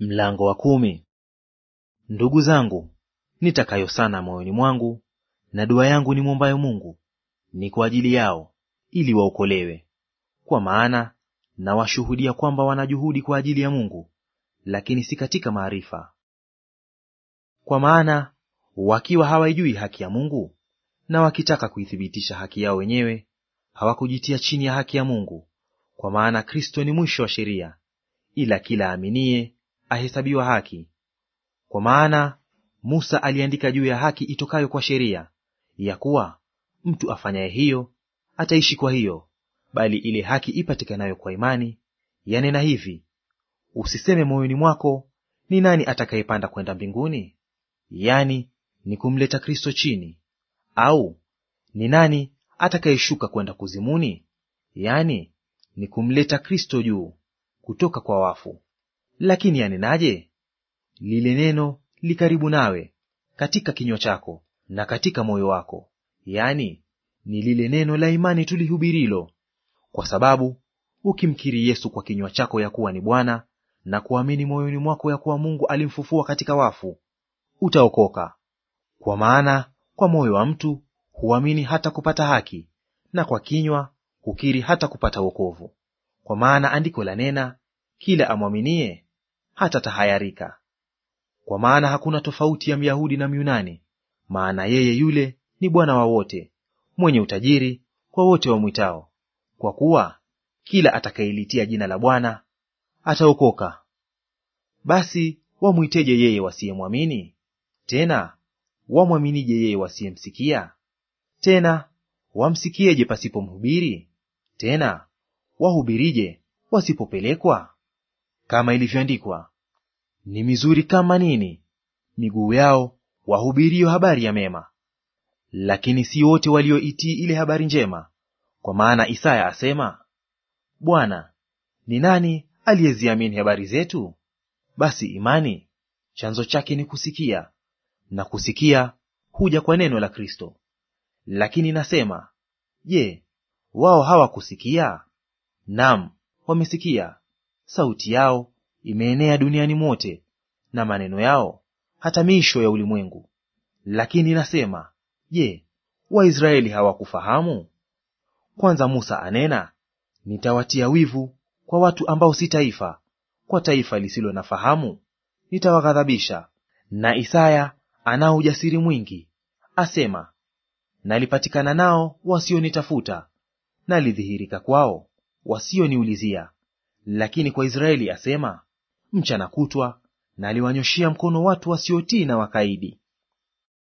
Mlango wa kumi. Ndugu zangu, nitakayo sana moyoni mwangu na dua yangu ni mwombayo Mungu ni kwa ajili yao, ili waokolewe. Kwa maana nawashuhudia kwamba wana juhudi kwa ajili ya Mungu, lakini si katika maarifa. Kwa maana wakiwa hawaijui haki ya Mungu na wakitaka kuithibitisha haki yao wenyewe, hawakujitia chini ya haki ya Mungu, kwa maana Kristo ni mwisho wa sheria. Ila kila aminiye ahesabiwa haki. Kwa maana Musa aliandika juu ya haki itokayo kwa sheria, ya kuwa mtu afanyaye hiyo ataishi kwa hiyo. Bali ile haki ipatikanayo kwa imani yanena hivi, usiseme moyoni mwako, ni nani atakayepanda kwenda mbinguni? Yaani, ni kumleta Kristo chini. Au ni nani atakayeshuka kwenda kuzimuni? Yaani, ni kumleta Kristo juu kutoka kwa wafu. Lakini yanenaje? Lile neno li karibu nawe, katika kinywa chako na katika moyo wako, yaani ni lile neno la imani tulihubirilo. Kwa sababu ukimkiri Yesu kwa kinywa chako ya kuwa ni Bwana na kuamini moyoni mwako ya kuwa Mungu alimfufua katika wafu, utaokoka. Kwa maana kwa moyo wa mtu huamini hata kupata haki, na kwa kinywa hukiri hata kupata wokovu. Kwa maana andiko la nena, kila amwaminie hatatahayarika. Kwa maana hakuna tofauti ya Myahudi na Myunani, maana yeye yule ni Bwana wa wote, mwenye utajiri kwa wote wamwitao. Kwa kuwa kila atakayelitia jina la Bwana ataokoka. Basi wamwiteje yeye wasiyemwamini? Tena wamwaminije yeye wasiyemsikia? Tena wamsikieje pasipo mhubiri? Tena wahubirije wasipopelekwa? kama ilivyoandikwa, ni mizuri kama nini miguu yao wahubirio habari ya mema. Lakini si wote walioitii ile habari njema, kwa maana Isaya asema, Bwana, ni nani aliyeziamini habari zetu? Basi imani chanzo chake ni kusikia, na kusikia huja kwa neno la Kristo. Lakini nasema, je, wao hawakusikia? Naam, wamesikia, sauti yao imeenea duniani mote na maneno yao hata miisho ya ulimwengu. Lakini nasema, je, Waisraeli hawakufahamu? Kwanza Musa anena, nitawatia wivu kwa watu ambao si taifa, kwa taifa lisilo na fahamu nitawaghadhabisha. Na Isaya anao ujasiri mwingi, asema, nalipatikana nao wasionitafuta, nalidhihirika kwao wasioniulizia. Lakini kwa Israeli asema, mchana kutwa aliwanyoshea mkono watu wasiotii na wakaidi,